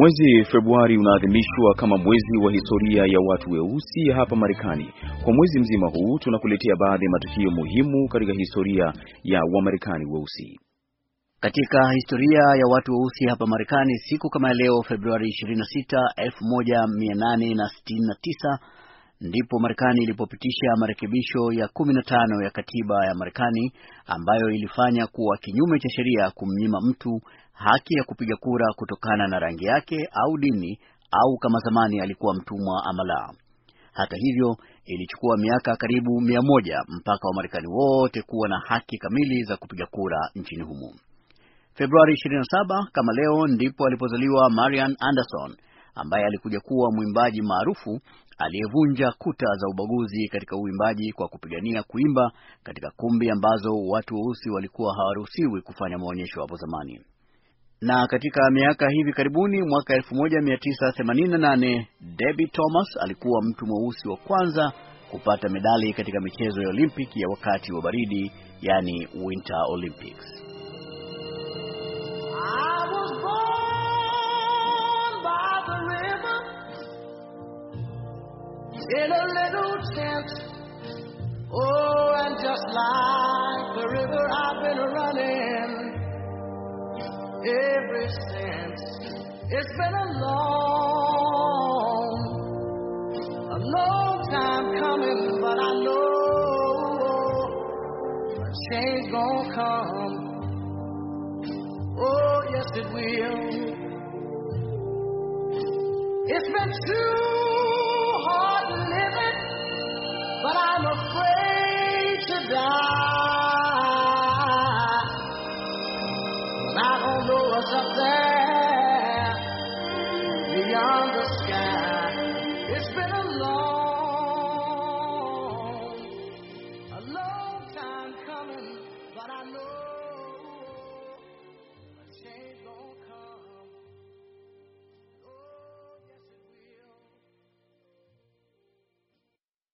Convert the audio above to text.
Mwezi Februari unaadhimishwa kama mwezi wa historia ya watu weusi hapa Marekani. Kwa mwezi mzima huu tunakuletea baadhi ya matukio muhimu katika historia ya Wamarekani weusi. Katika historia ya watu weusi hapa Marekani, siku kama leo Februari 26, 1869 ndipo Marekani ilipopitisha marekebisho ya 15 ya katiba ya Marekani ambayo ilifanya kuwa kinyume cha sheria kumnyima mtu haki ya kupiga kura kutokana na rangi yake au dini au kama zamani alikuwa mtumwa ama la. Hata hivyo, ilichukua miaka karibu mia moja mpaka Wamarekani wote kuwa na haki kamili za kupiga kura nchini humo. Februari 27 kama leo ndipo alipozaliwa Marian Anderson ambaye alikuja kuwa mwimbaji maarufu aliyevunja kuta za ubaguzi katika uimbaji kwa kupigania kuimba katika kumbi ambazo watu weusi walikuwa hawaruhusiwi kufanya maonyesho hapo zamani. Na katika miaka hivi karibuni, mwaka 1988 Debbie Thomas alikuwa mtu mweusi wa kwanza kupata medali katika michezo ya Olimpiki ya wakati wa baridi, yani Winter Olympics. in a little tent. Oh, and just like the river, I've been running ever since. It's been a long, a long time coming, but I know a change gonna come yes it will. It's been too hard living, but I'm afraid to die. I don't know what's up there.